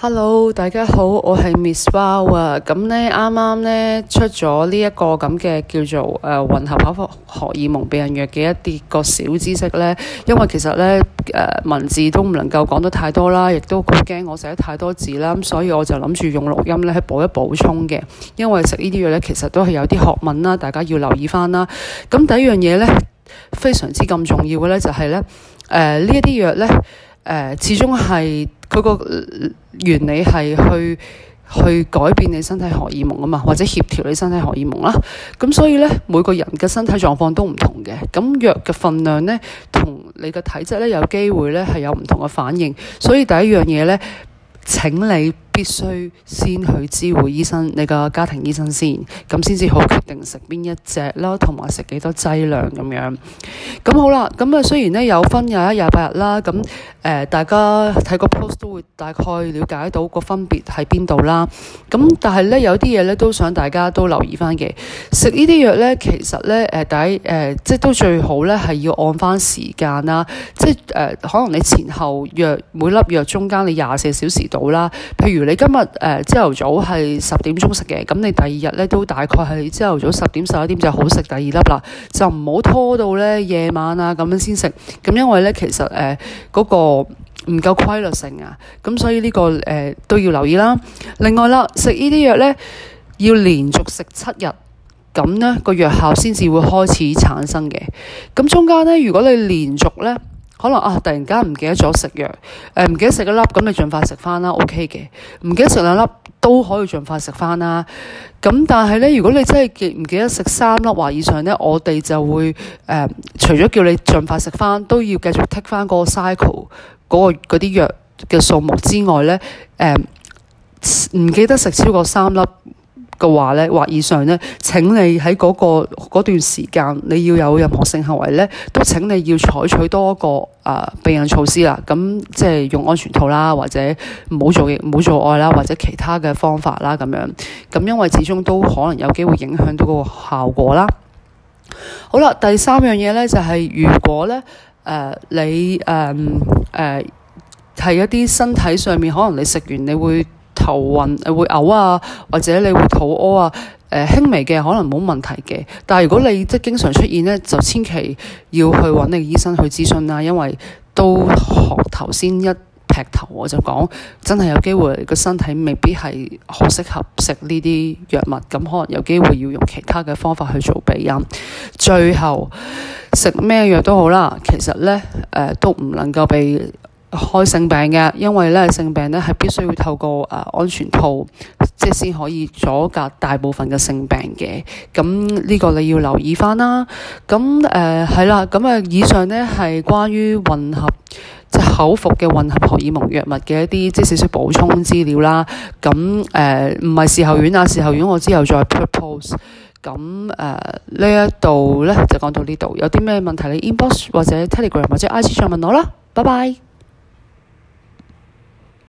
Hello，大家好，我係 Miss Bow 啊。咁呢啱啱呢出咗呢一個咁嘅叫做誒、呃、混合口服荷爾蒙避孕藥嘅一啲個小知識咧。因為其實咧誒、呃、文字都唔能夠講得太多啦，亦都好驚我寫得太多字啦。咁所以我就諗住用錄音咧去補一補充嘅。因為食呢啲藥咧，其實都係有啲學問啦，大家要留意翻啦。咁第一樣嘢咧，非常之咁重要嘅咧，就係咧誒呢一啲、呃、藥咧誒、呃、始終係。佢個原理係去去改變你身體荷爾蒙啊嘛，或者協調你身體荷爾蒙啦。咁所以呢，每個人嘅身體狀況都唔同嘅。咁藥嘅分量呢，同你嘅體質呢，有機會呢係有唔同嘅反應。所以第一樣嘢呢，請你必須先去諮詢醫生，你個家庭醫生先，咁先至好決定食邊一隻啦，同埋食幾多劑量咁樣。咁好啦，咁啊雖然咧有分廿一、廿八日啦，咁誒、呃、大家睇個 post 都會大概了解到個分別喺邊度啦。咁但係咧有啲嘢咧都想大家都留意翻嘅，食呢啲藥咧其實咧誒第一誒即係都最好咧係要按翻時間啦，即係誒、呃、可能你前後藥每粒藥中間你廿四小時到啦。譬如你今日誒朝頭早係十點鐘食嘅，咁你第二日咧都大概係朝頭早十點十一點就好食第二粒啦，就唔好拖到咧夜啊，咁樣先食，咁因為咧，其實誒嗰、呃，那個唔夠規律性啊，咁所以呢、這個誒、呃、都要留意啦。另外啦，食呢啲藥咧，要連續食七日，咁咧個藥效先至會開始產生嘅。咁中間咧，如果你連續咧。可能啊，突然間唔記得咗食藥，呃、唔記得食一粒，咁你盡快食翻啦，OK 嘅。唔記得食兩粒都可以盡快食翻啦。咁但係咧，如果你真係唔記得食三粒或以上咧，我哋就會、呃、除咗叫你盡快食翻，都要繼續 tick 翻個 cycle 嗰、嗰個嗰啲藥嘅數目之外咧，呃、唔記得食超過三粒嘅話咧，或以上咧，請你喺嗰、那個嗰段時間，你要有任何性行為咧，都請你要採取多一個啊、呃、避孕措施啦。咁即係用安全套啦，或者唔好做，唔好做愛啦，或者其他嘅方法啦咁樣。咁因為始終都可能有機會影響到個效果啦。好啦，第三樣嘢咧就係、是，如果咧誒、呃、你誒誒係一啲身體上面，可能你食完你會。頭暈誒會嘔啊，或者你會肚屙啊，誒、呃、輕微嘅可能冇問題嘅，但係如果你即係經常出現呢，就千祈要去揾你的醫生去諮詢啦，因為都學頭先一劈頭我就講，真係有機會個身體未必係好適合食呢啲藥物，咁可能有機會要用其他嘅方法去做避孕。最後食咩藥都好啦，其實呢誒、呃、都唔能夠畀。開性病嘅，因為咧性病咧係必須要透過誒、呃、安全套，即係先可以阻隔大部分嘅性病嘅。咁呢個你要留意翻啦。咁誒係啦，咁誒以上咧係關於混合即係口服嘅混合荷爾蒙藥物嘅一啲即係少少補充資料啦。咁誒唔係事後丸啊，事後丸我之後再 propose 咁誒、呃、呢一度咧就講到呢度，有啲咩問題你 inbox 或者 telegram 或者 IG 上問我啦。拜拜。